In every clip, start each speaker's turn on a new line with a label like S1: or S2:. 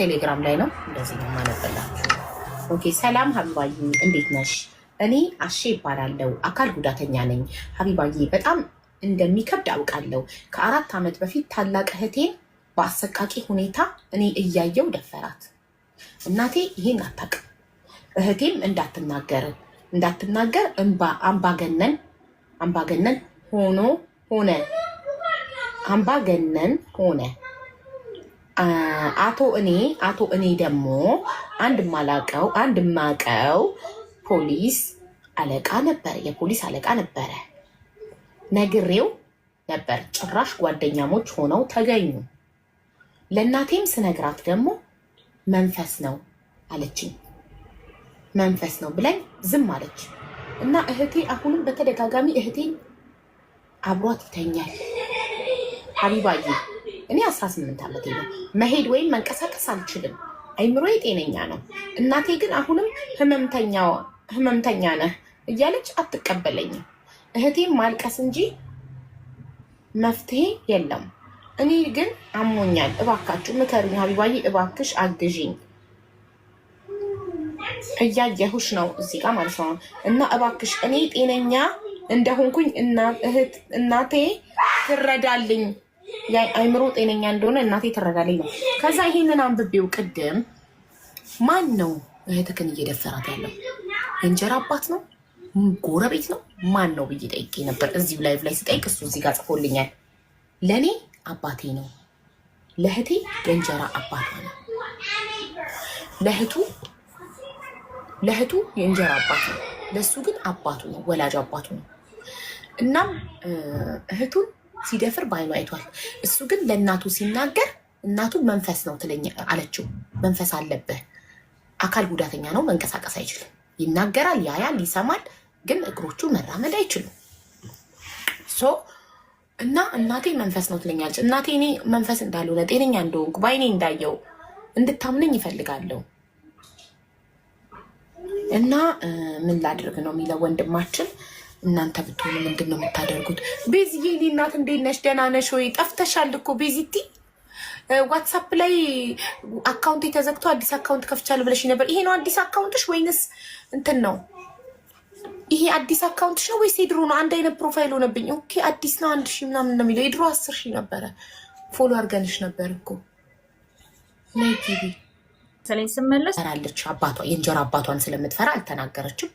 S1: ቴሌግራም ላይ ነው። እንደዚህ ነው ማነበላችሁ። ኦኬ። ሰላም ሀቢባዬ እንዴት ነሽ? እኔ አሼ ይባላለው አካል ጉዳተኛ ነኝ። ሀቢባዬ በጣም እንደሚከብድ አውቃለሁ። ከአራት ዓመት በፊት ታላቅ እህቴን በአሰቃቂ ሁኔታ እኔ እያየው ደፈራት። እናቴ ይሄን አታውቅም። እህቴም እንዳትናገር እንዳትናገር አምባገነን አምባገነን ሆኖ ሆነ አምባገነን ሆነ አቶ እኔ አቶ እኔ ደግሞ አንድ ማላቀው አንድ ማቀው ፖሊስ አለቃ ነበረ፣ የፖሊስ አለቃ ነበረ። ነግሬው ነበር። ጭራሽ ጓደኛሞች ሆነው ተገኙ። ለእናቴም ስነግራት ደግሞ መንፈስ ነው አለችኝ። መንፈስ ነው ብላኝ ዝም አለች እና እህቴ አሁንም በተደጋጋሚ እህቴ አብሯት ይተኛል ሀቢባዬ እኔ 18 ዓመት ነው። መሄድ ወይም መንቀሳቀስ አልችልም። አይምሮ ጤነኛ ነው። እናቴ ግን አሁንም ህመምተኛ ነህ እያለች አትቀበለኝም። እህቴም ማልቀስ እንጂ መፍትሄ የለም። እኔ ግን አሞኛል። እባካችሁ ምከሩኝ። ሀቢባዬ እባክሽ አግዥኝ። እያየሁሽ ነው እዚህ ጋር ማለት ነው እና እባክሽ እኔ ጤነኛ እንደሆንኩኝ እናቴ ትረዳልኝ የአእምሮ ጤነኛ እንደሆነ እናቴ ትረዳለኝ ነው። ከዛ ይሄንን አንብቤው ቅድም ማን ነው እህትክን እየደፈራት ያለው? የእንጀራ አባት ነው? ጎረቤት ነው? ማን ነው ብዬ ጠይቄ ነበር። እዚሁ ላይቭ ላይ ስጠይቅ እሱ እዚህ ጋር ጽፎልኛል። ለእኔ አባቴ ነው፣ ለእህቴ የእንጀራ አባት ነው፣ ለእህቱ ለእህቱ የእንጀራ አባት ነው፣ ለእሱ ግን አባቱ ነው፣ ወላጅ አባቱ ነው። እናም እህቱን ሲደፍር በአይኑ አይቷል። እሱ ግን ለእናቱ ሲናገር እናቱ መንፈስ ነው ትለኛ አለችው። መንፈስ አለብህ፣ አካል ጉዳተኛ ነው፣ መንቀሳቀስ አይችልም። ይናገራል፣ ያያል፣ ይሰማል፣ ግን እግሮቹ መራመድ አይችሉም። ሶ እና እናቴ መንፈስ ነው ትለኛለች። እናቴ እኔ መንፈስ እንዳልሆነ ጤነኛ እንደሆንኩ ባይኔ እንዳየው እንድታምነኝ ይፈልጋለሁ። እና ምን ላድርግ ነው የሚለው ወንድማችን እናንተ ብትሆኑ ምንድን ነው የምታደርጉት? ቤዝዬ እኔ እናት እንዴት ነሽ? ደህና ነሽ ወይ? ጠፍተሻል እኮ ቤዚቲ። ዋትሳፕ ላይ አካውንት የተዘግቶ አዲስ አካውንት ከፍቻለሁ ብለሽ ነበር። ይሄ ነው አዲስ አካውንትሽ ወይንስ እንትን ነው? ይሄ አዲስ አካውንትሽ ነው ወይስ የድሮ ነው? አንድ አይነት ፕሮፋይል ሆነብኝ። ኦኬ አዲስ ነው አንድ ሺህ ምናምን ነው የሚለው። የድሮ አስር ሺህ ነበረ። ፎሎ አድርገንሽ ነበር እኮ ቲቪ ስመለስ ራለች አባቷ የእንጀራ አባቷን ስለምትፈራ አልተናገረችም።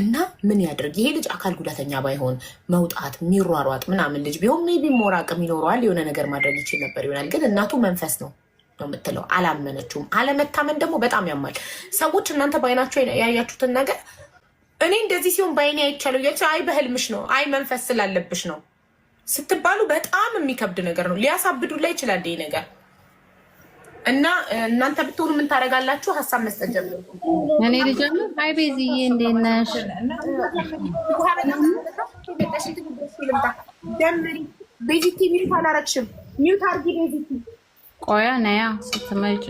S1: እና ምን ያደርግ ይሄ ልጅ አካል ጉዳተኛ ባይሆን መውጣት የሚሯሯጥ ምናምን ልጅ ቢሆን ሜቢ ሞር አቅም ይኖረዋል፣ የሆነ ነገር ማድረግ ይችል ነበር ይሆናል። ግን እናቱ መንፈስ ነው ነው የምትለው፣ አላመነችውም። አለመታመን ደግሞ በጣም ያማል። ሰዎች እናንተ በአይናቸው ያያችሁትን ነገር እኔ እንደዚህ ሲሆን በአይኔ አይቻለሁ እያቸ አይ በህልምሽ ነው አይ መንፈስ ስላለብሽ ነው ስትባሉ በጣም የሚከብድ ነገር ነው። ሊያሳብዱ ላይ ይችላል ይህ ነገር እና እናንተ ብትሆኑ ምን ታደርጋላችሁ? ሀሳብ መስጠት ጀምሩ።
S2: እኔ ልጀምር። ሀይ ቤዝዬ፣ እንዴት ነሽ? ቤዚቲ ሚዩት አላረግሽም። ሚዩት ቤዚቲ። ቆያ ነያ ስትመጪ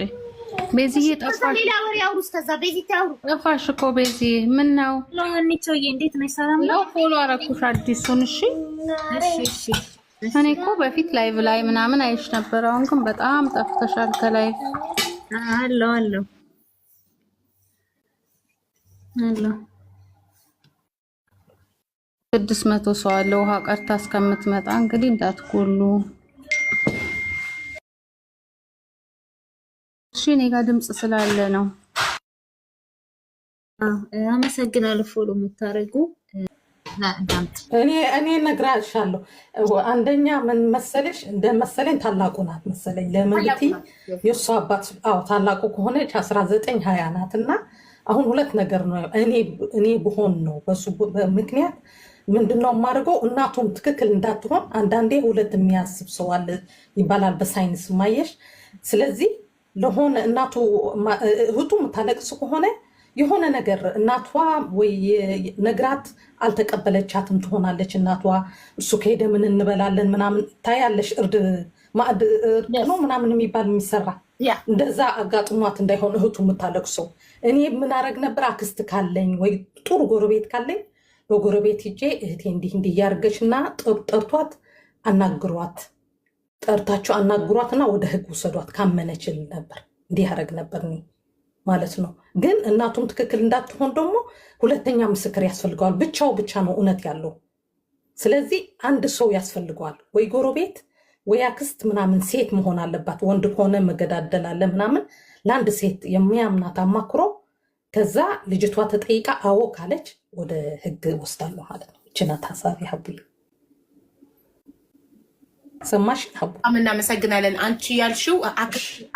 S2: ቤዚዬ ጠፋሽ። ሌላ ወሬ አውሩ። እስከዛ ቤዚቲ አውሩ። ጠፋሽ እኮ ቤዚዬ። ምን ነው እንዴት ነሽ? ሰላም ነው። ፎሎ አረኩሽ አዲሱን። እሺ እሺ እኔ እኮ በፊት ላይቭ ላይ ምናምን አይሽ ነበር። አሁን ግን በጣም ጠፍተሻል ከላይ አለው አለው አለው ስድስት መቶ ሰው አለ። ውሃ ቀርታ እስከምትመጣ እንግዲህ እንዳትጎሉ እሺ። እኔ ጋር ድምፅ ስላለ ነው። አመሰግናለሁ ፎሎ የምታደርጉ
S1: እኔ እነግራሻለሁ። አንደኛ ምን መሰለሽ እንደ መሰለኝ ታላቁ ናት መሰለኝ ለምን ብትይ የእሱ አባት አዎ ታላቁ ከሆነች አስራ ዘጠኝ ሀያ ናት እና አሁን ሁለት ነገር ነው እኔ ብሆን ነው በሱ ምክንያት ምንድነው የማደርገው? እናቱም ትክክል እንዳትሆን አንዳንዴ ሁለት የሚያስብ ሰው አለ ይባላል በሳይንስ ማየሽ። ስለዚህ ለሆነ እናቱ እህቱ የምታለቅስ ከሆነ የሆነ ነገር እናቷ ወይ ነግራት አልተቀበለቻትም ትሆናለች። እናቷ እሱ ከሄደ ምን እንበላለን ምናምን ታያለሽ፣ እርድ ማዕድ እርድ ነው ምናምን የሚባል የሚሰራ እንደዛ አጋጥሟት እንዳይሆን እህቱ የምታለቅሰው። እኔ ምናረግ ነበር አክስት ካለኝ ወይ ጥሩ ጎረቤት ካለኝ በጎረቤት ሂጄ እህቴ እንዲህ እንዲህ እያደረገች እና ጠርቷት አናግሯት ጠርታቸው አናግሯት እና ወደ ህግ ውሰዷት ካመነችል ነበር እንዲህ ያደረግ ነበር ማለት ነው። ግን እናቱም ትክክል እንዳትሆን ደግሞ ሁለተኛ ምስክር ያስፈልገዋል። ብቻው ብቻ ነው እውነት ያለው። ስለዚህ አንድ ሰው ያስፈልገዋል፣ ወይ ጎረቤት ወይ አክስት ምናምን ሴት መሆን አለባት። ወንድ ከሆነ መገዳደላለ ምናምን። ለአንድ ሴት የሚያምናት አማክሮ ከዛ ልጅቷ ተጠይቃ አዎ ካለች ወደ ህግ ወስዳለሁ ማለት ነው። ይችናት ሀሳቢ ሰማሽ? በጣም እናመሰግናለን። አንቺ ያልሽው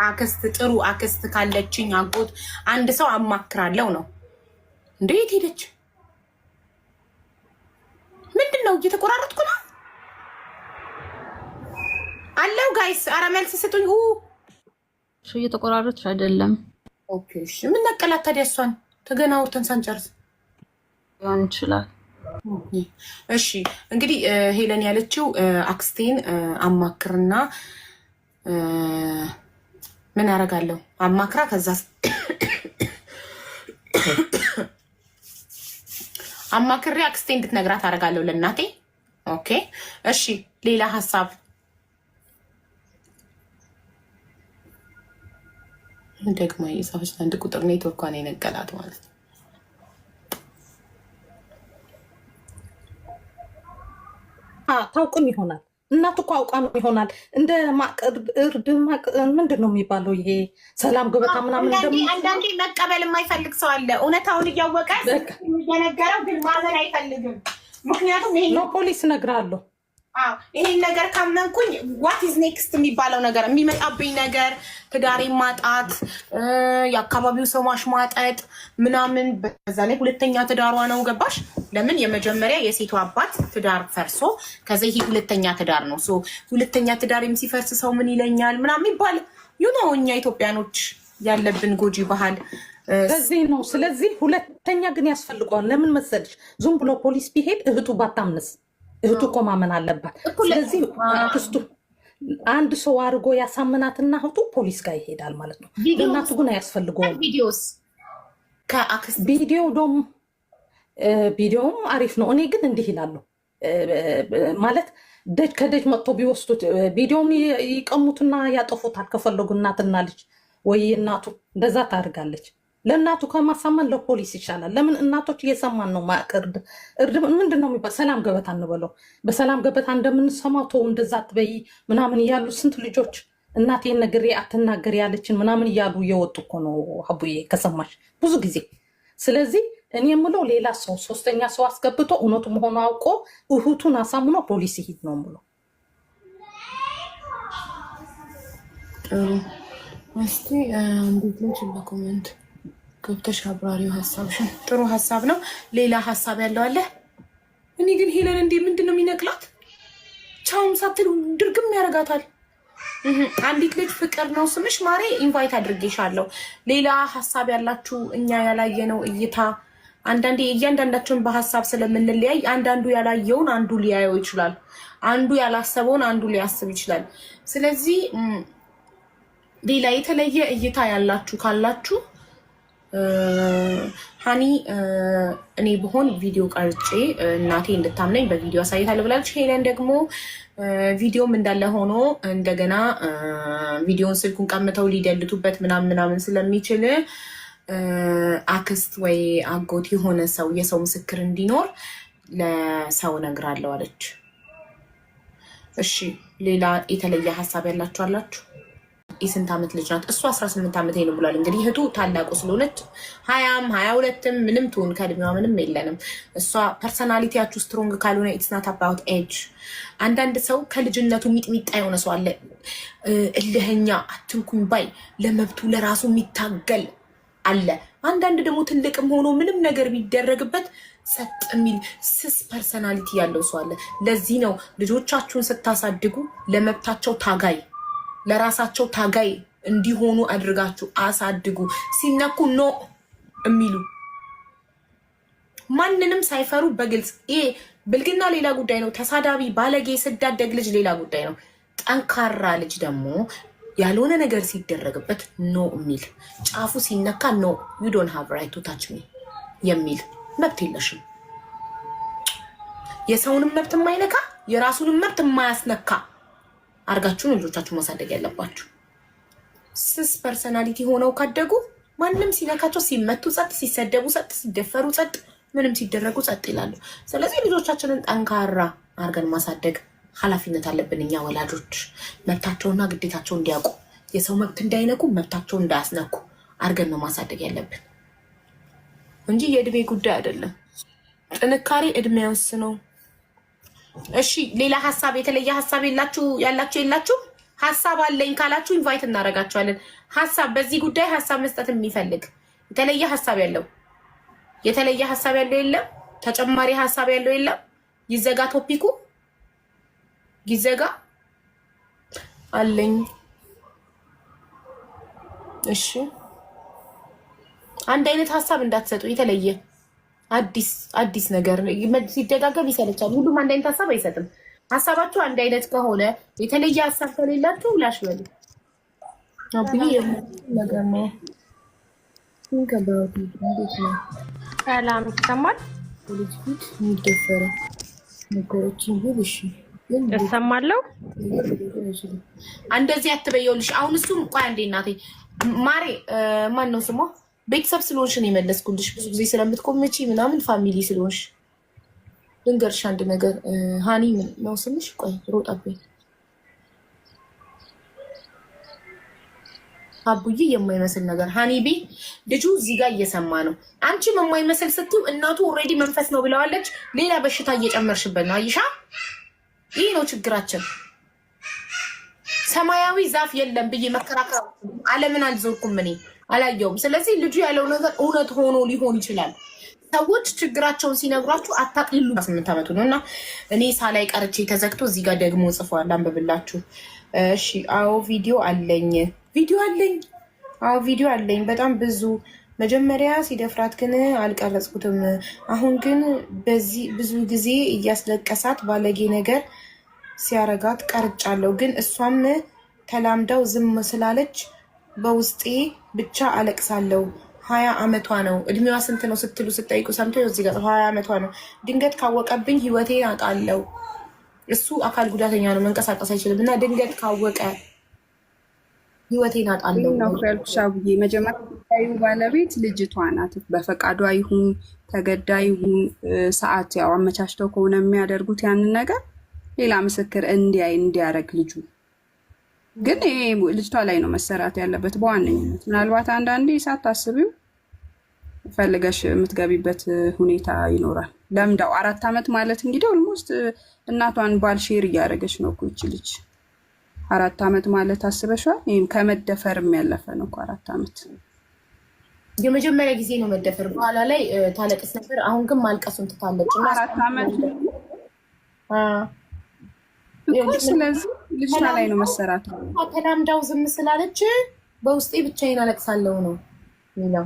S1: አክስት ጥሩ አክስት ካለችኝ አጎት አንድ ሰው አማክራለው ነው እንደ የት ሄደች? ምንድን ነው እየተቆራረጥኩ ነው አለው። ጋይስ አረመልስ መልስ ስጡኝ።
S2: እየተቆራረጥሽ አይደለም?
S1: ምን ነቀላት ታዲያ? እሷን ተገናውርተን ሳንጨርስ
S2: ሊሆን ይችላል
S1: እሺ እንግዲህ ሄለን ያለችው አክስቴን አማክርና ምን አደርጋለሁ አማክራ ከዛ አማክሬ አክስቴ እንድትነግራት አደርጋለሁ ለእናቴ። ኦኬ እሺ፣ ሌላ ሀሳብ ደግሞ የጻፈች አንድ ቁጥር ኔትወርኳን የነቀላት ማለት ነው። ታውቅም ይሆናል እናት እኮ አውቃም ይሆናል። እንደ እርድ ምንድን ነው የሚባለው ይሄ ሰላም ገበታ ምናምን።
S3: አንዳንዴ መቀበል የማይፈልግ ሰው አለ። እውነታውን እያወቀ የነገረው ግን ማመን አይፈልግም።
S1: ምክንያቱም ይሄ ፖሊስ እነግርሃለሁ ይሄን ነገር ካመንኩኝ ዋት ኢዝ ኔክስት የሚባለው ነገር የሚመጣብኝ ነገር ትዳሬ ማጣት፣ የአካባቢው ሰው ማሽሟጠጥ ምናምን። በዛ ላይ ሁለተኛ ትዳሯ ነው ገባሽ? ለምን የመጀመሪያ የሴቷ አባት ትዳር ፈርሶ ከዚ ይሄ ሁለተኛ ትዳር ነው። ሁለተኛ ትዳርም ሲፈርስ ሰው ምን ይለኛል ምናምን ይባል ዩኖ እኛ ኢትዮጵያኖች ያለብን ጎጂ ባህል በዚህ ነው። ስለዚህ ሁለተኛ ግን ያስፈልገዋል። ለምን መሰልሽ? ዝም ብሎ ፖሊስ ቢሄድ እህቱ ባታምንስ እህቱ እኮ ማመን አለባት። ስለዚህ ክስቱ አንድ ሰው አድርጎ ያሳምናትና እህቱ ፖሊስ ጋር ይሄዳል ማለት ነው። እናቱ ግን አያስፈልገውም። ቪዲዮ ዶም ቪዲዮም አሪፍ ነው። እኔ ግን እንዲህ ይላሉ ማለት ደጅ ከደጅ መጥቶ ቢወስዱት ቪዲዮም ይቀሙትና ያጠፉታል። ከፈለጉ እናትና ልጅ ወይ እናቱ እንደዛ ታደርጋለች። ለእናቱ ከማሳመን ለፖሊስ ይሻላል። ለምን እናቶች እየሰማን ነው። ማቅርድ እርድ ምንድን ነው የሚባል ሰላም ገበታ እንበለው። በሰላም ገበታ እንደምንሰማው ተው እንደዛ አትበይ ምናምን እያሉ ስንት ልጆች እናቴን ነግሬ አትናገር ያለችን ምናምን እያሉ እየወጡ እኮ ነው አቡዬ፣ ከሰማሽ ብዙ ጊዜ። ስለዚህ እኔ የምለው ሌላ ሰው ሶስተኛ ሰው አስገብቶ እውነቱ መሆኑ አውቆ እህቱን አሳምኖ ፖሊስ ይሂድ ነው ምሎ
S2: እስቲ አንዲት ልጅ በኮመንት ገብተሽ አብራሪው ሀሳብሽን።
S1: ጥሩ ሀሳብ ነው። ሌላ ሀሳብ ያለው አለ? እኔ ግን ሄለን እንዴ ምንድን ነው የሚነቅላት? ቻውም ሳትል ድርግም ያደርጋታል። አንዲት ልጅ ፍቅር ነው ስምሽ ማሬ ኢንቫይት አድርጌሻለሁ። ሌላ ሀሳብ ያላችሁ እኛ ያላየነው እይታ አንዳንዴ እያንዳንዳቸውን በሀሳብ ስለምንለያይ አንዳንዱ ያላየውን አንዱ ሊያየው ይችላል። አንዱ ያላሰበውን አንዱ ሊያስብ ይችላል። ስለዚህ ሌላ የተለየ እይታ ያላችሁ ካላችሁ ሀኒ እኔ ብሆን ቪዲዮ ቀርጬ እናቴ እንድታምነኝ በቪዲዮ አሳይታለሁ ብላለች። ሄለን ደግሞ ቪዲዮም እንዳለ ሆኖ እንደገና ቪዲዮን ስልኩን ቀምተው ሊደልቱበት ምናምን ምናምን ስለሚችል አክስት ወይ አጎት የሆነ ሰው የሰው ምስክር እንዲኖር ለሰው ነግራለሁ አለች። እሺ ሌላ የተለየ ሀሳብ ያላችሁ አላችሁ? የስንት ዓመት ልጅ ናት? እሱ 18 ዓመት ነው ብሏል። እንግዲህ እህቱ ታላቁ ስለሆነች ሀያም ሀያ ሁለትም ምንም ትሁን ከእድሜዋ ምንም የለንም። እሷ ፐርሰናሊቲያችሁ ስትሮንግ ካልሆነ ኢትስ ናት አባውት ኤጅ። አንዳንድ ሰው ከልጅነቱ ሚጥሚጣ የሆነ ሰው አለ፣ እልህኛ አትንኩኝ ባይ፣ ለመብቱ ለራሱ የሚታገል አለ። አንዳንድ ደግሞ ትልቅም ሆኖ ምንም ነገር ቢደረግበት ጸጥ የሚል ስስ ፐርሰናሊቲ ያለው ሰው አለ። ለዚህ ነው ልጆቻችሁን ስታሳድጉ ለመብታቸው ታጋይ ለራሳቸው ታጋይ እንዲሆኑ አድርጋችሁ አሳድጉ። ሲነኩ ኖ የሚሉ ማንንም ሳይፈሩ በግልጽ ይሄ ብልግና ሌላ ጉዳይ ነው። ተሳዳቢ ባለጌ ስዳደግ ልጅ ሌላ ጉዳይ ነው። ጠንካራ ልጅ ደግሞ ያልሆነ ነገር ሲደረግበት ኖ የሚል ጫፉ ሲነካ ኖ ዩ ዶንት ሃቭ ራይት ቱ ታች ሚ የሚል መብት የለሽም። የሰውንም መብት የማይነካ የራሱንም መብት የማያስነካ ነው ልጆቻችሁ ማሳደግ ያለባችሁ። ስስ ፐርሰናሊቲ ሆነው ካደጉ ማንም ሲነካቸው ሲመቱ ጸጥ፣ ሲሰደቡ ጸጥ፣ ሲደፈሩ ጸጥ፣ ምንም ሲደረጉ ጸጥ ይላሉ። ስለዚህ ልጆቻችንን ጠንካራ አርገን ማሳደግ ኃላፊነት አለብን እኛ ወላጆች። መብታቸውና ግዴታቸው እንዲያውቁ የሰው መብት እንዳይነኩ መብታቸውን እንዳያስነኩ አርገን ነው ማሳደግ ያለብን እንጂ የእድሜ ጉዳይ አይደለም። ጥንካሬ እድሜ ያውስ ነው። እሺ፣ ሌላ ሀሳብ የተለየ ሀሳብ የላችሁ ያላችሁ የላችሁ? ሀሳብ አለኝ ካላችሁ ኢንቫይት እናደርጋችኋለን። ሀሳብ በዚህ ጉዳይ ሀሳብ መስጠት የሚፈልግ የተለየ ሀሳብ ያለው የተለየ ሀሳብ ያለው የለም። ተጨማሪ ሀሳብ ያለው የለም። ይዘጋ ቶፒኩ ይዘጋ አለኝ። እሺ አንድ አይነት ሀሳብ እንዳትሰጡ የተለየ አዲስ ነገር ሲደጋገም ይሰለቻል። ሁሉም አንድ አይነት ሀሳብ አይሰጥም። ሀሳባችሁ አንድ አይነት ከሆነ የተለየ ሀሳብ ከሌላችሁ ላሽ በሉ
S2: ነገር እሰማለሁ።
S1: እንደዚህ አትበየውልሽ። አሁን እሱም ቆይ አንዴ እናቴ ማሬ ማን ነው ስሟ? ቤተሰብ ስለሆንሽ ነው የመለስኩልሽ። ብዙ ጊዜ ስለምትቆመች ምናምን ፋሚሊ ስለሆንሽ ልንገርሽ አንድ ነገር ሀኒ ነው ስምሽ። ቆይ ሮጣብኝ። አቡዬ የማይመስል ነገር ቤ ልጁ እዚህ ጋር እየሰማ ነው። አንቺም የማይመስል ስትው እናቱ ኦልሬዲ መንፈስ ነው ብለዋለች። ሌላ በሽታ እየጨመርሽበት ነው። አይሻ፣ ይህ ነው ችግራችን። ሰማያዊ ዛፍ የለም ብዬ መከራከር አለምን አልዞርኩም እኔ አላየውም። ስለዚህ ልጁ ያለው ነገር እውነት ሆኖ ሊሆን ይችላል። ሰዎች ችግራቸውን ሲነግሯችሁ አታቅልሉ። ስምንት ዓመቱ ነው እና እኔ ሳላይ ቀርቼ ተዘግቶ እዚህ ጋር ደግሞ ጽፏል። አንብብላችሁ። እሺ። አዎ ቪዲዮ አለኝ፣ ቪዲዮ አለኝ። አዎ ቪዲዮ አለኝ በጣም ብዙ መጀመሪያ ሲደፍራት ግን አልቀረጽኩትም። አሁን ግን በዚህ ብዙ ጊዜ እያስለቀሳት ባለጌ ነገር ሲያረጋት ቀርጫለሁ። ግን እሷም ተላምዳው ዝም ስላለች በውስጤ ብቻ አለቅሳለሁ። ሀያ አመቷ ነው። እድሜዋ ስንት ነው ስትሉ ስጠይቁ ሰምቶ እዚህ ጋር ሀያ አመቷ ነው። ድንገት ካወቀብኝ ህይወቴ አጣለው። እሱ አካል ጉዳተኛ ነው፣ መንቀሳቀስ አይችልም። እና ድንገት ካወቀ ህይወቴን አጣለው መጀመሪያ ባለቤት ልጅቷ ናት። በፈቃዷ ይሁን ተገዳ ይሁን ሰዓት ያው አመቻችተው ከሆነ የሚያደርጉት ያንን ነገር ሌላ ምስክር እንዲያይ እንዲያደርግ ልጁ ግን ይሄ ልጅቷ ላይ ነው መሰራት ያለበት በዋነኝነት። ምናልባት አንዳንዴ ሳታስቢው ፈልገሽ የምትገቢበት ሁኔታ ይኖራል። ለምዳው አራት ዓመት ማለት እንግዲህ ኦልሞስት እናቷን ባል ሼር እያደረገች ነው እኮ ይቺ ልጅ። አራት ዓመት ማለት አስበሻል። ይህም ከመደፈርም ያለፈ ነው እኮ አራት ዓመት። የመጀመሪያ ጊዜ ነው መደፈር። በኋላ ላይ ታለቅስ ነበር። አሁን ግን ማልቀሱን ትታለች። አራት ዓመት ስለዚህ ልጅቷ ላይ ነው መሰራት። ተላምዳው ዝም ስላለች በውስጤ ብቻዬን አለቅሳለሁ ነው ሚለው።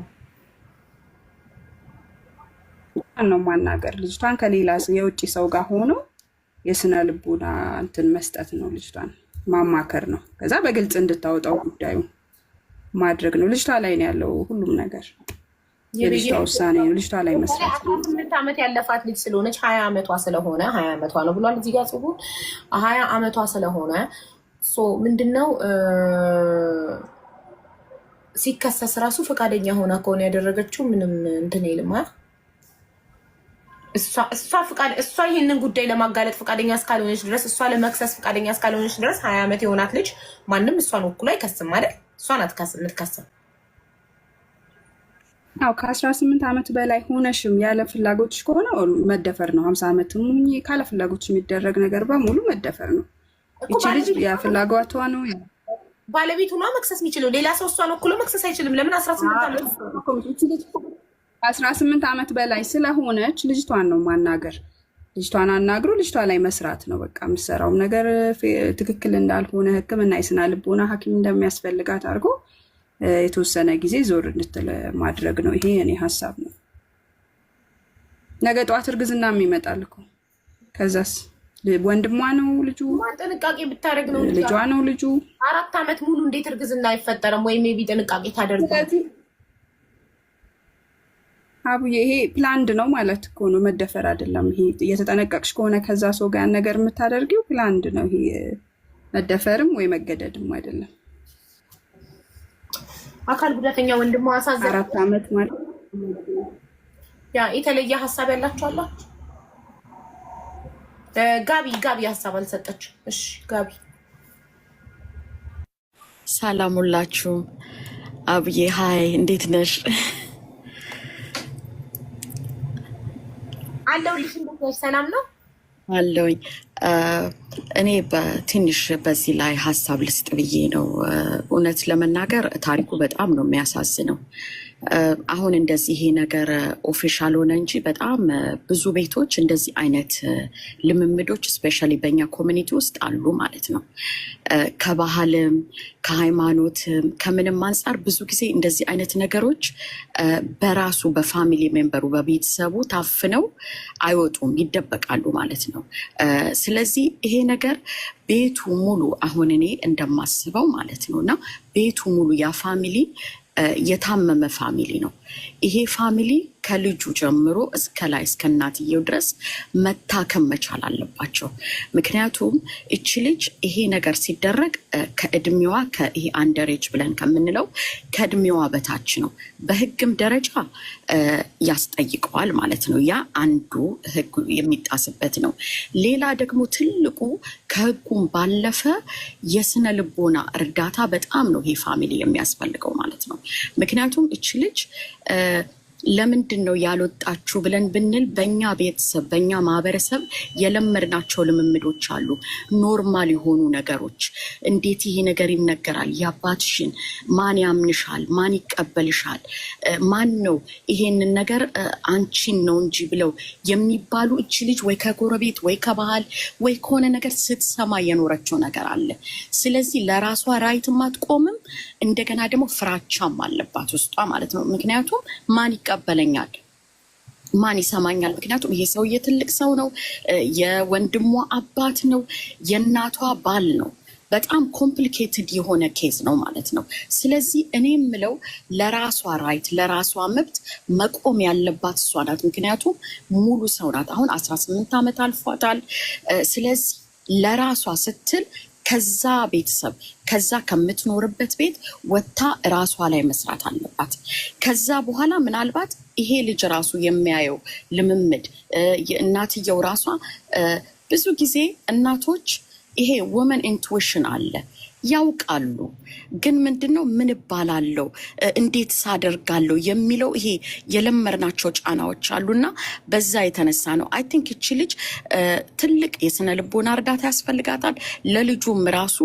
S1: ነው ማናገር ልጅቷን ከሌላ የውጭ ሰው ጋር ሆኖ የስነ ልቡና እንትን መስጠት ነው። ልጅቷን ማማከር ነው። ከዛ በግልጽ እንድታወጣው ጉዳዩ ማድረግ ነው። ልጅቷ ላይ ነው ያለው ሁሉም ነገር። የልጅቷ ውሳኔ ነው። ልጅቷ ላይ መስራት ስምንት ዓመት ያለፋት ልጅ ስለሆነች ሀያ ዓመቷ ስለሆነ ሀያ ዓመቷ ነው ብሏል እዚህ ጋር ጽሁፉ ሀያ ዓመቷ ስለሆነ ምንድነው ሲከሰስ ራሱ ፈቃደኛ ሆና ከሆነ ያደረገችው ምንም እንትን ይልማ እሷ ይህንን ጉዳይ ለማጋለጥ ፈቃደኛ እስካልሆነች ድረስ እሷ ለመክሰስ ፈቃደኛ እስካልሆነች ድረስ ሀያ ዓመት የሆናት ልጅ ማንም እሷን ወክሎ አይከስም አይደል? እሷን አትምትከስም አዎ ከአስራ ስምንት ዓመት በላይ ሆነሽም ያለ ፍላጎትሽ ከሆነ መደፈር ነው። ሀምሳ ዓመትም ካለ ፍላጎትሽ የሚደረግ ነገር በሙሉ መደፈር ነው። ይቺ ልጅ የፍላጎቷ ነው። ባለቤቱ ነው መክሰስ የሚችለው ሌላ ሰው እሷን ወክሎ መክሰስ አይችልም። ለምን አስራ ስምንት ዓመት አስራ ስምንት ዓመት በላይ ስለሆነች ልጅቷን ነው ማናገር። ልጅቷን አናግሮ ልጅቷ ላይ መስራት ነው በቃ። የምትሰራውም ነገር ትክክል እንዳልሆነ ሕክምና የስነ ልቦና ሐኪም እንደሚያስፈልጋት አድርጎ የተወሰነ ጊዜ ዞር እንድትል ማድረግ ነው። ይሄ እኔ ሀሳብ ነው። ነገ ጠዋት እርግዝና የሚመጣል እኮ ከዛስ ወንድሟ ነው ልጁ። ጥንቃቄ ብታደርግ ነው ልጇ ነው ልጁ። አራት ዓመት ሙሉ እንዴት እርግዝና አይፈጠርም? ወይም ቢ ጥንቃቄ ታደርግ አቡዬ። ይሄ ፕላንድ ነው ማለት እኮ ነው፣ መደፈር አይደለም። ይሄ እየተጠነቀቅሽ ከሆነ ከዛ ሰው ጋር ነገር የምታደርጊው ፕላንድ ነው። ይሄ መደፈርም ወይ መገደድም አይደለም። አካል ጉዳተኛ ወንድሟ አሳዘ አራት ዓመት ማለት ያ የተለየ ሀሳብ ያላችሁ አላችሁ? ጋቢ ጋቢ ሀሳብ አልሰጠች እሺ ጋቢ ሰላም ሁላችሁ አብዬ ሀይ፣ እንዴት ነሽ? አለሁልሽ። እንዴት ነሽ? ሰላም ነው አለሁኝ። እኔ በትንሽ በዚህ ላይ ሀሳብ ልስጥ ብዬ ነው። እውነት ለመናገር ታሪኩ በጣም ነው የሚያሳዝነው። አሁን እንደዚህ ይሄ ነገር ኦፊሻል ሆነ እንጂ በጣም ብዙ ቤቶች እንደዚህ አይነት ልምምዶች ስፔሻሊ በኛ ኮሚኒቲ ውስጥ አሉ ማለት ነው። ከባህልም ከሃይማኖትም ከምንም አንጻር ብዙ ጊዜ እንደዚህ አይነት ነገሮች በራሱ በፋሚሊ ሜምበሩ በቤተሰቡ ታፍነው አይወጡም፣ ይደበቃሉ ማለት ነው። ስለዚህ ይሄ ነገር ቤቱ ሙሉ አሁን እኔ እንደማስበው ማለት ነው እና ቤቱ ሙሉ ያ ፋሚሊ የታመመ ፋሚሊ ነው ይሄ ፋሚሊ ከልጁ ጀምሮ እስከ ላይ እስከ እናትየው ድረስ መታከም መቻል አለባቸው። ምክንያቱም እቺ ልጅ ይሄ ነገር ሲደረግ ከእድሜዋ ከይሄ አንደሬጅ ብለን ከምንለው ከእድሜዋ በታች ነው። በህግም ደረጃ ያስጠይቀዋል ማለት ነው። ያ አንዱ ህግ የሚጣስበት ነው። ሌላ ደግሞ ትልቁ ከህጉም ባለፈ የስነ ልቦና እርዳታ በጣም ነው ይሄ ፋሚሊ የሚያስፈልገው ማለት ነው። ምክንያቱም እቺ ልጅ ለምንድን ነው ያልወጣችሁ ብለን ብንል በእኛ ቤተሰብ በእኛ ማህበረሰብ የለመድናቸው ልምምዶች አሉ። ኖርማል የሆኑ ነገሮች እንዴት ይሄ ነገር ይነገራል? የአባትሽን ማን ያምንሻል? ማን ይቀበልሻል? ማን ነው ይሄንን ነገር አንቺን ነው እንጂ ብለው የሚባሉ እች ልጅ ወይ ከጎረቤት ወይ ከባህል ወይ ከሆነ ነገር ስትሰማ የኖረችው ነገር አለ። ስለዚህ ለራሷ ራይትም አትቆምም። እንደገና ደግሞ ፍራቻም አለባት ውስጧ ማለት ነው። ምክንያቱም ማን ይቀበለኛል? ማን ይሰማኛል? ምክንያቱም ይሄ ሰውዬ ትልቅ ሰው ነው፣ የወንድሟ አባት ነው፣ የእናቷ ባል ነው። በጣም ኮምፕሊኬትድ የሆነ ኬዝ ነው ማለት ነው። ስለዚህ እኔ የምለው ለራሷ ራይት ለራሷ መብት መቆም ያለባት እሷ ናት። ምክንያቱም ሙሉ ሰው ናት። አሁን አስራ ስምንት ዓመት አልፏታል። ስለዚህ ለራሷ ስትል ከዛ ቤተሰብ ከዛ ከምትኖርበት ቤት ወጥታ ራሷ ላይ መስራት አለባት። ከዛ በኋላ ምናልባት ይሄ ልጅ ራሱ የሚያየው ልምምድ እናትየው ራሷ ብዙ ጊዜ እናቶች ይሄ ወመን ኢንቱዊሽን አለ ያውቃሉ። ግን ምንድን ነው ምን እባላለሁ፣ እንዴት ሳደርጋለሁ የሚለው ይሄ የለመርናቸው ጫናዎች አሉና በዛ የተነሳ ነው። አይ ቲንክ እቺ ልጅ ትልቅ የስነ ልቦና እርዳታ ያስፈልጋታል። ለልጁም ራሱ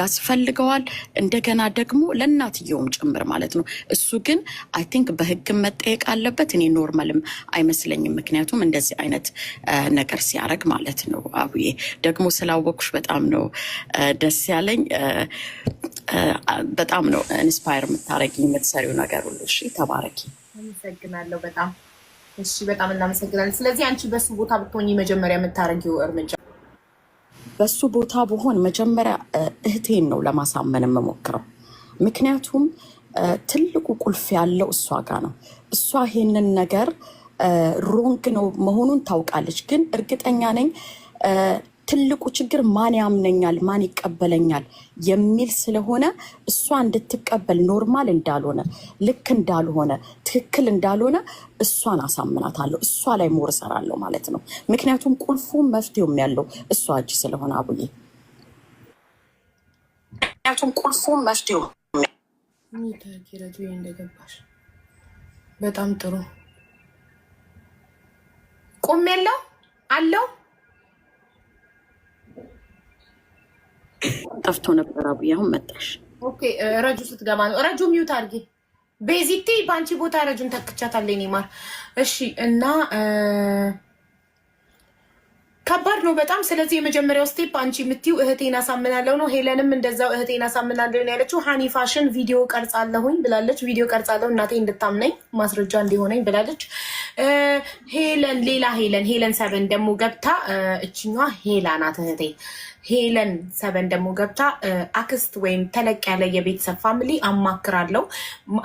S1: ያስፈልገዋል። እንደገና ደግሞ ለእናትየውም ጭምር ማለት ነው። እሱ ግን አይ ቲንክ በህግ መጠየቅ አለበት። እኔ ኖርማልም አይመስለኝም። ምክንያቱም እንደዚህ አይነት ነገር ሲያደርግ ማለት ነው። አብዬ ደግሞ ስላወቅሽ በጣም ነው ደስ ያለኝ። በጣም ነው ኢንስፓየር የምታደረጊ የምትሰሪው ነገር ሁሉ። እሺ ተባረኪ። አመሰግናለሁ በጣም እሺ፣ በጣም እናመሰግናለን። ስለዚህ አንቺ በሱ ቦታ ብትሆኝ መጀመሪያ የምታደረጊው እርምጃ በሱ ቦታ ብሆን መጀመሪያ እህቴን ነው ለማሳመን የምሞክረው። ምክንያቱም ትልቁ ቁልፍ ያለው እሷ ጋ ነው። እሷ ይሄንን ነገር ሮንግ ነው መሆኑን ታውቃለች። ግን እርግጠኛ ነኝ ትልቁ ችግር ማን ያምነኛል፣ ማን ይቀበለኛል የሚል ስለሆነ እሷ እንድትቀበል ኖርማል እንዳልሆነ ልክ እንዳልሆነ ትክክል እንዳልሆነ እሷን አሳምናታለሁ። እሷ ላይ ሞር እሰራለሁ ማለት ነው። ምክንያቱም ቁልፉ መፍትሄውም ያለው እሷ እጅ ስለሆነ አቡዬ፣ ምክንያቱም ቁልፉ መፍትሄውም እንደገባሽ በጣም ጥሩ ቁም የለው አለው ጠፍቶ ነበር። አብዬ አሁን መጣሽ። ኦኬ ረጁ ስትገባ ነው። ረጁ ሚዩት አድርጊ። ቤዚቴ በአንቺ ቦታ ረጁን ተክቻታለሁ። ኔማር እሺ እና ከባድ ነው በጣም። ስለዚህ የመጀመሪያው ስቴፕ አንቺ የምትይው እህቴን አሳምናለሁ ነው። ሄለንም እንደዛው እህቴን አሳምናለሁ ነው ያለችው። ሀኒ ፋሽን ቪዲዮ ቀርጻለሁኝ ብላለች። ቪዲዮ ቀርጻለሁ እናቴ እንድታምነኝ ማስረጃ እንዲሆነኝ ብላለች። ሄለን ሌላ ሄለን ሄለን ሰበን ደግሞ ገብታ እችኛ ሄላ ናት እህቴ ሄለን ሰበን ደግሞ ገብታ አክስት ወይም ተለቅ ያለ የቤተሰብ ፋሚሊ አማክራለሁ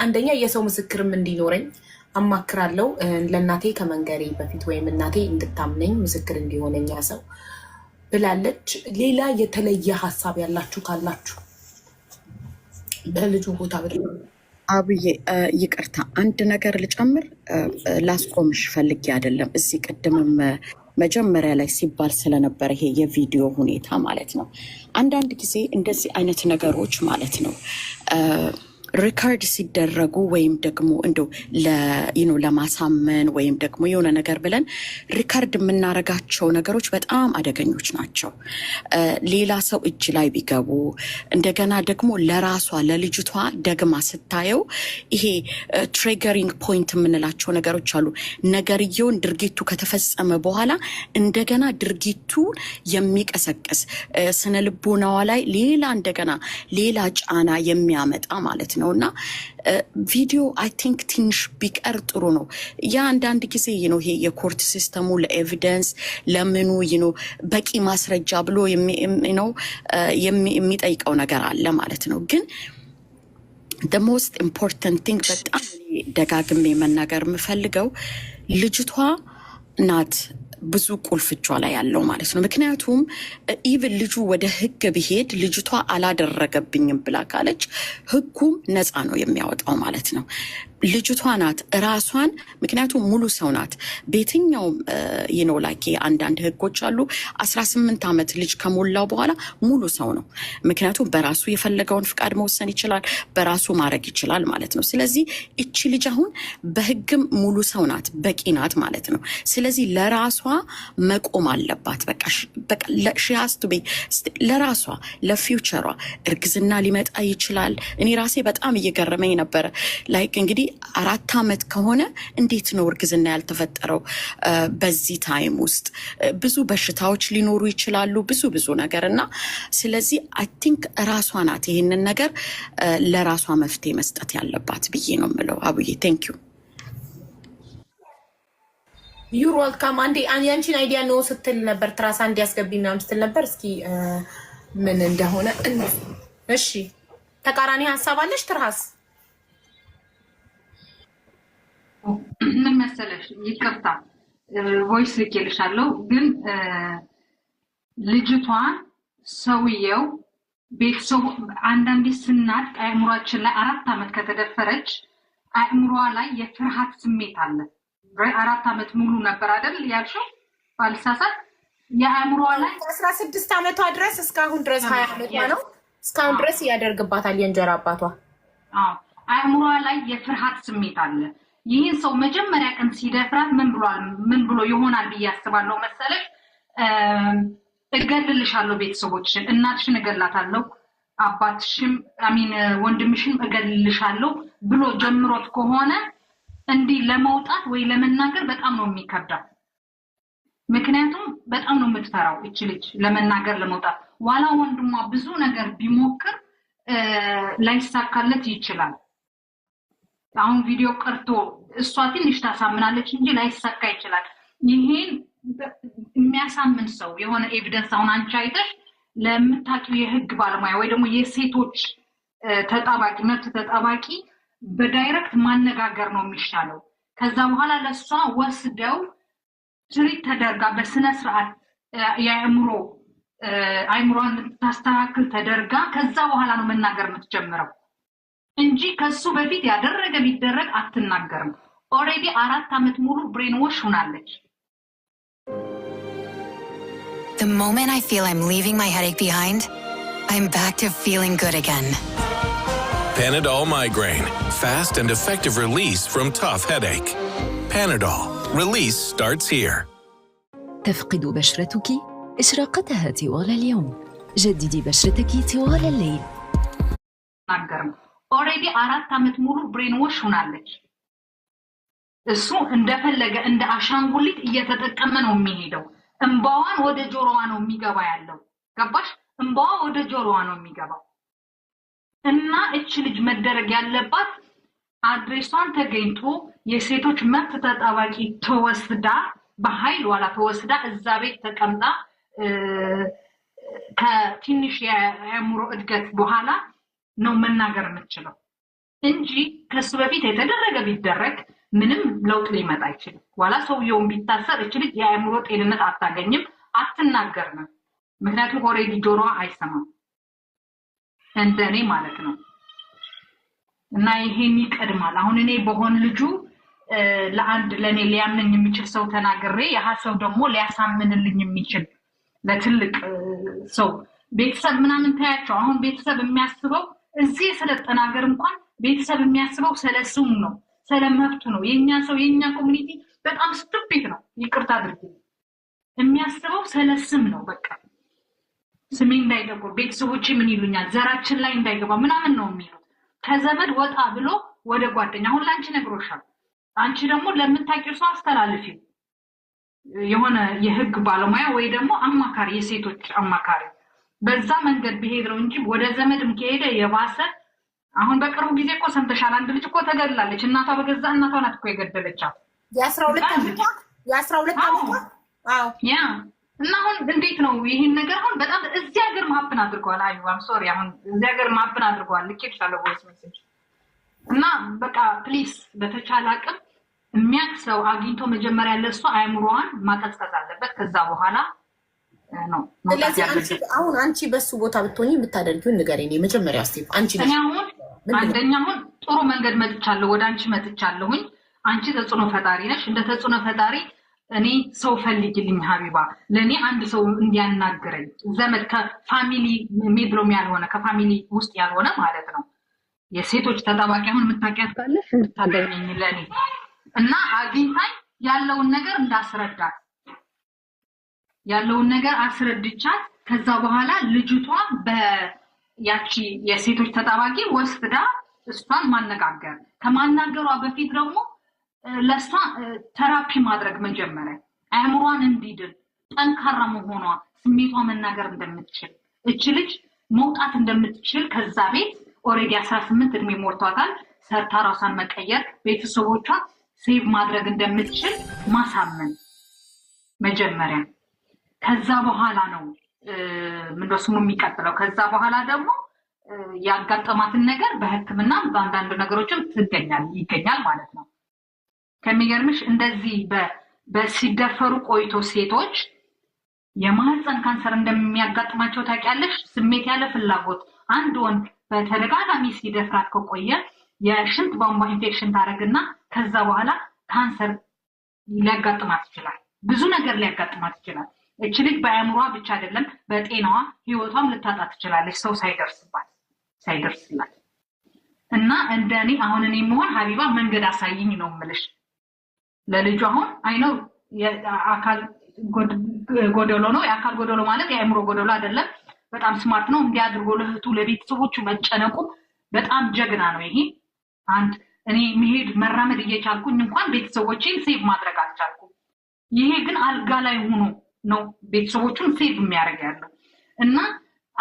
S1: አንደኛ የሰው ምስክርም እንዲኖረኝ አማክራለው ለእናቴ ከመንገሬ በፊት ወይም እናቴ እንድታምነኝ ምስክር እንዲሆነኝ ሰው ብላለች። ሌላ የተለየ ሀሳብ ያላችሁ ካላችሁ በልጁ ቦታ አብዬ ይቅርታ፣ አንድ ነገር ልጨምር። ላስቆምሽ ፈልጌ አይደለም። እዚህ ቅድምም መጀመሪያ ላይ ሲባል ስለነበረ ይሄ የቪዲዮ ሁኔታ ማለት ነው። አንዳንድ ጊዜ እንደዚህ አይነት ነገሮች ማለት ነው ሪካርድ ሲደረጉ ወይም ደግሞ እንደው ለማሳመን ወይም ደግሞ የሆነ ነገር ብለን ሪካርድ የምናረጋቸው ነገሮች በጣም አደገኞች ናቸው። ሌላ ሰው እጅ ላይ ቢገቡ እንደገና ደግሞ ለራሷ ለልጅቷ ደግማ ስታየው ይሄ ትሪገሪንግ ፖይንት የምንላቸው ነገሮች አሉ። ነገርየውን ድርጊቱ ከተፈጸመ በኋላ እንደገና ድርጊቱ የሚቀሰቅስ ስነ ልቦናዋ ላይ ሌላ እንደገና ሌላ ጫና የሚያመጣ ማለት ነው። ነው እና ቪዲዮ አይ ቲንክ ትንሽ ቢቀር ጥሩ ነው። ያ አንዳንድ ጊዜ ይሄ የኮርት ሲስተሙ ለኤቪደንስ ለምኑ ነው በቂ ማስረጃ ብሎ ነው የሚጠይቀው ነገር አለ ማለት ነው ግን ሞስት ኢምፖርታንት ቲንግ በጣም ደጋግሜ መናገር የምፈልገው ልጅቷ ናት ብዙ ቁልፍቿ ላይ ያለው ማለት ነው። ምክንያቱም ኢቭን ልጁ ወደ ህግ ቢሄድ ልጅቷ አላደረገብኝም ብላ ካለች ህጉም ነፃ ነው የሚያወጣው ማለት ነው። ልጅቷ ናት ራሷን ምክንያቱም ሙሉ ሰው ናት። በየትኛውም ይነው ላይክ አንዳንድ ህጎች አሉ። አስራ ስምንት ዓመት ልጅ ከሞላው በኋላ ሙሉ ሰው ነው። ምክንያቱም በራሱ የፈለገውን ፍቃድ መወሰን ይችላል፣ በራሱ ማድረግ ይችላል ማለት ነው። ስለዚህ እቺ ልጅ አሁን በህግም ሙሉ ሰው ናት፣ በቂ ናት ማለት ነው። ስለዚህ ለራሷ መቆም አለባት። በቃ ሺያስቱ ለራሷ ለፊውቸሯ እርግዝና ሊመጣ ይችላል። እኔ ራሴ በጣም እየገረመኝ ነበረ ላይክ እንግዲህ አራት ዓመት ከሆነ እንዴት ነው እርግዝና ያልተፈጠረው? በዚህ ታይም ውስጥ ብዙ በሽታዎች ሊኖሩ ይችላሉ፣ ብዙ ብዙ ነገር እና ስለዚህ አይ ቲንክ ራሷ ናት ይህንን ነገር ለራሷ መፍትሄ መስጠት ያለባት ብዬ ነው የምለው። አቡዬ ቴንክ ዩ ዩር ወልካም። አንዴ ያንቺን አይዲያ ነው ስትል ነበር፣ ትራሳ እንዲያስገቢ ምናምን ስትል ነበር። እስኪ ምን እንደሆነ እሺ። ተቃራኒ ሀሳብ አለሽ ትርሃስ? ምን መሰለሽ፣ ይቅርታ ቮይስ ልኬልሻለሁ፣ ግን ልጅቷ ሰውየው ቤተሰቡ አንዳንዴ ስናድ አእምሯችን ላይ አራት ዓመት ከተደፈረች አእምሯ ላይ የፍርሃት ስሜት አለ። አራት ዓመት ሙሉ ነበር አይደል ያልሽው? ባልሳሳት የአእምሯ ላይ አስራ ስድስት ዓመቷ ድረስ እስካሁን ድረስ ሀያ ዓመቷ ነው። እስካሁን ድረስ እያደርግባታል የእንጀራ አባቷ። አእምሯ ላይ የፍርሃት ስሜት አለ። ይህን ሰው መጀመሪያ ቀን ሲደፍራት ምን ብሏል? ምን ብሎ ይሆናል ብዬ አስባለሁ መሰለሽ። እገድልሻለሁ፣ ቤተሰቦችሽን፣ እናትሽን እገላታለሁ አባትሽም አሚን ወንድምሽም እገድልሻለሁ ብሎ ጀምሮት ከሆነ እንዲህ ለመውጣት ወይ ለመናገር በጣም ነው የሚከብዳው ምክንያቱም በጣም ነው የምትፈራው እች ልጅ ለመናገር ለመውጣት። ዋላ ወንድሟ ብዙ ነገር ቢሞክር ላይሳካለት ይችላል። አሁን ቪዲዮ ቀርቶ እሷ ትንሽ ታሳምናለች እንጂ ላይሳካ ይችላል። ይሄን የሚያሳምን ሰው የሆነ ኤቪደንስ አሁን አንቺ አይተሽ ለምታውቂው የህግ ባለሙያ ወይ ደግሞ የሴቶች ተጣባቂ መብት ተጣባቂ በዳይሬክት ማነጋገር ነው የሚሻለው። ከዛ በኋላ ለእሷ ወስደው ትሪት ተደርጋ በስነ ስርዓት የአእምሮ አይምሯን ታስተካክል ተደርጋ ከዛ በኋላ ነው መናገር የምትጀምረው። እንጂ ከሱ በፊት ያደረገ ቢደረግ አትናገርም። ኦልሬዲ አራት ዓመት ሙሉ ብሬንዎሽ ሆናለች። The moment I feel I'm leaving my headache behind, I'm back to feeling good again. Panadol Migraine. Fast and effective release from tough headache. Panadol. Release starts here. تفقد بشرتك إشراقتها طوال اليوم. جددي بشرتك طوال الليل. ኦልሬዲ አራት ዓመት ሙሉ ብሬን ወሽ ሆናለች። እሱ እንደፈለገ እንደ አሻንጉሊት እየተጠቀመ ነው የሚሄደው። እምባዋን ወደ ጆሮዋ ነው የሚገባ ያለው። ገባሽ? እምባዋ ወደ ጆሮዋ ነው የሚገባው። እና እች ልጅ መደረግ ያለባት አድሬሷን ተገኝቶ የሴቶች መብት ተጠባቂ ተወስዳ በኃይል ዋላ ተወስዳ እዛ ቤት ተቀምጣ ከትንሽ የአእምሮ እድገት በኋላ ነው መናገር የምችለው እንጂ ከሱ በፊት የተደረገ ቢደረግ ምንም ለውጥ ሊመጣ አይችልም። ዋላ ሰውየውን ቢታሰር እች ልጅ የአእምሮ ጤንነት አታገኝም፣ አትናገርንም ምክንያቱም ኦልሬዲ ጆሮዋ አይሰማም፣ እንደኔ ማለት ነው። እና ይሄም ይቀድማል። አሁን እኔ በሆን ልጁ ለአንድ ለእኔ ሊያምነኝ የሚችል ሰው ተናግሬ ያህ ሰው ደግሞ ሊያሳምንልኝ የሚችል ለትልቅ ሰው ቤተሰብ ምናምን ታያቸው። አሁን ቤተሰብ የሚያስበው እዚህ የሰለጠነ ሀገር እንኳን ቤተሰብ የሚያስበው ስለ ስሙ ነው፣ ስለ መብቱ ነው። የእኛ ሰው የእኛ ኮሚኒቲ በጣም ስቱፒድ ነው። ይቅርታ አድርጊ የሚያስበው ስለ ስም ነው። በቃ ስሜ እንዳይጠቁር፣ ቤተሰቦች ምን ይሉኛል፣ ዘራችን ላይ እንዳይገባ ምናምን ነው የሚሉት። ከዘመድ ወጣ ብሎ ወደ ጓደኛ አሁን ለአንቺ ነግሮሻል። አንቺ ደግሞ ለምታውቂው ሰው አስተላልፊ። የሆነ የህግ ባለሙያ ወይ ደግሞ አማካሪ፣ የሴቶች አማካሪ በዛ መንገድ ብሄድ ነው እንጂ ወደ ዘመድም ከሄደ የባሰ አሁን በቅርቡ ጊዜ እኮ ሰምተሻል። አንድ ልጅ እኮ ተገድላለች። እናቷ በገዛ እናቷ ናት እኮ የገደለቻት የአስራ ሁለት ዓመቷ የአስራ ሁለት ዓመቷ ያ እና አሁን እንዴት ነው ይህን ነገር አሁን በጣም እዚህ ሀገር ማፕን አድርገዋል። አዩ አም ሶሪ አሁን እዚህ ሀገር ማፕን አድርገዋል። ልኬት ሻለ ቮይስ ሜሴጅ እና በቃ ፕሊስ በተቻለ አቅም የሚያቅ ሰው አግኝቶ መጀመሪያ ለእሷ አእምሮዋን ማቀዝቀዝ አለበት። ከዛ በኋላ አሁን አንቺ በሱ ቦታ ብትሆኝ የምታደርጊውን የመጀመሪያ አንቺ አንደኛ አሁን ጥሩ መንገድ መጥቻለሁ፣ ወደ አንቺ መጥቻለሁኝ። አንቺ ተጽዕኖ ፈጣሪ ነሽ። እንደ ተጽዕኖ ፈጣሪ እኔ ሰው ፈልጊልኝ ሀቢባ፣ ለእኔ አንድ ሰው እንዲያናግረኝ ዘመድ ከፋሚሊ ሜድሮም ያልሆነ ከፋሚሊ ውስጥ ያልሆነ ማለት ነው። የሴቶች ተጠባቂ አሁን የምታውቂያት ካለሽ እንድታገኘኝ ለእኔ እና አግኝታኝ ያለውን ነገር እንዳስረዳት ያለውን ነገር አስረድቻት ከዛ በኋላ ልጅቷ በያቺ የሴቶች ተጣባቂ ወስዳ እሷን ማነጋገር ከማናገሯ በፊት ደግሞ ለእሷ ተራፒ ማድረግ መጀመሪያ አእምሯን እንዲድል ጠንካራ መሆኗ ስሜቷ መናገር እንደምትችል እች ልጅ መውጣት እንደምትችል ከዛ ቤት ኦሬዲ አስራ ስምንት እድሜ ሞርቷታል ሰርታ ራሷን መቀየር ቤተሰቦቿ ሴቭ ማድረግ እንደምትችል ማሳመን መጀመሪያ ከዛ በኋላ ነው ምንድነው ስሙ የሚቀጥለው። ከዛ በኋላ ደግሞ ያጋጠማትን ነገር በሕክምና በአንዳንድ ነገሮችም ትገኛል ይገኛል ማለት ነው። ከሚገርምሽ እንደዚህ በሲደፈሩ ቆይቶ ሴቶች የማህፀን ካንሰር እንደሚያጋጥማቸው ታውቂያለሽ። ስሜት ያለ ፍላጎት አንድ ወንድ በተደጋጋሚ ሲደፍራት ከቆየ የሽንት ቧንቧ ኢንፌክሽን ታደርግና ከዛ በኋላ ካንሰር ሊያጋጥማት ይችላል። ብዙ ነገር ሊያጋጥማት ይችላል። እች ልጅ በአእምሯ ብቻ አይደለም በጤናዋ ህይወቷም ልታጣ ትችላለች፣ ሰው ሳይደርስባት ሳይደርስላት እና እንደ እኔ አሁን እኔ መሆን ሀቢባ መንገድ አሳይኝ ነው ምልሽ ለልጁ አሁን አይነው የአካል ጎደሎ ነው። የአካል ጎደሎ ማለት የአእምሮ ጎደሎ አይደለም። በጣም ስማርት ነው። እንዲያድርጎ ለህቱ ለቤተሰቦቹ መጨነቁ በጣም ጀግና ነው። ይሄ አንድ እኔ መሄድ መራመድ እየቻልኩኝ እንኳን ቤተሰቦቼን ሴቭ ማድረግ አልቻልኩም። ይሄ ግን አልጋ ላይ ሆኖ ነው ቤተሰቦቹን ሴቭ የሚያደርግ ያለው እና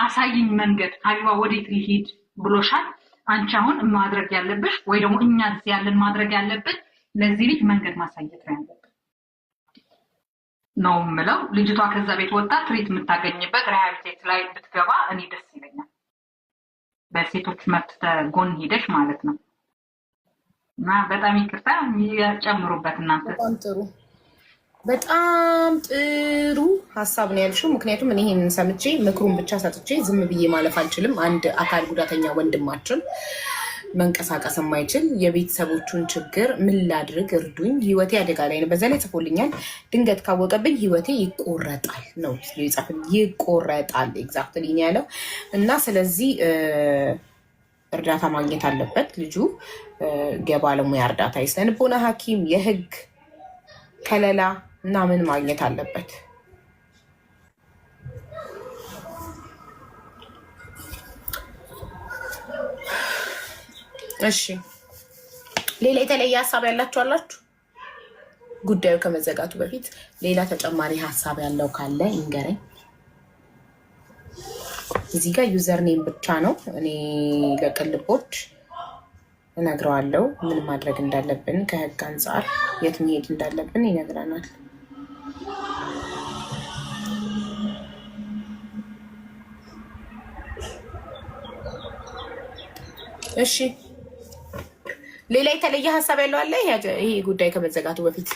S1: አሳይኝ መንገድ አቢባ ወዴት ሊሄድ ብሎሻል። አንቺ አሁን ማድረግ ያለብሽ ወይ ደግሞ እኛ እዚህ ያለን ማድረግ ያለብን ለዚህ ልጅ መንገድ ማሳየት ነው ያለብን ነው ምለው። ልጅቷ ከዛ ቤት ወጣ ትሪት የምታገኝበት ሪሃቢቴት ላይ ብትገባ እኔ ደስ ይለኛል። በሴቶች መብት ተጎን ሄደሽ ማለት ነው እና በጣም ይቅርታ ጨምሩበት እናንተ። በጣም ጥሩ ሀሳብ ነው ያልሽው። ምክንያቱም እኔ ይህንን ሰምቼ ምክሩን ብቻ ሰጥቼ ዝም ብዬ ማለፍ አልችልም። አንድ አካል ጉዳተኛ ወንድማችን መንቀሳቀስ የማይችል የቤተሰቦቹን ችግር ምን ላድርግ እርዱኝ፣ ህይወቴ አደጋ ላይ ነው። በዛ ላይ ጽፎልኛል፣ ድንገት ካወቀብኝ ህይወቴ ይቆረጣል ነው ይጻፍል ይቆረጣል። ኤግዛክትሊ ነው ያለው እና ስለዚህ እርዳታ ማግኘት አለበት ልጁ የባለሙያ እርዳታ፣ የስነ ልቦና ሐኪም፣ የህግ ከለላ እና ምን ማግኘት አለበት? እሺ ሌላ የተለየ ሀሳብ ያላችሁ አላችሁ? ጉዳዩ ከመዘጋቱ በፊት ሌላ ተጨማሪ ሀሳብ ያለው ካለ ይንገረኝ። እዚህ ጋር ዩዘር ኔም ብቻ ነው። እኔ ለቅልቦች እነግረዋለሁ ምን ማድረግ እንዳለብን ከህግ አንጻር የት መሄድ እንዳለብን ይነግረናል። እሺ ሌላ የተለየ ሀሳብ ያለው አለ? ይሄ ጉዳይ ከመዘጋቱ በፊት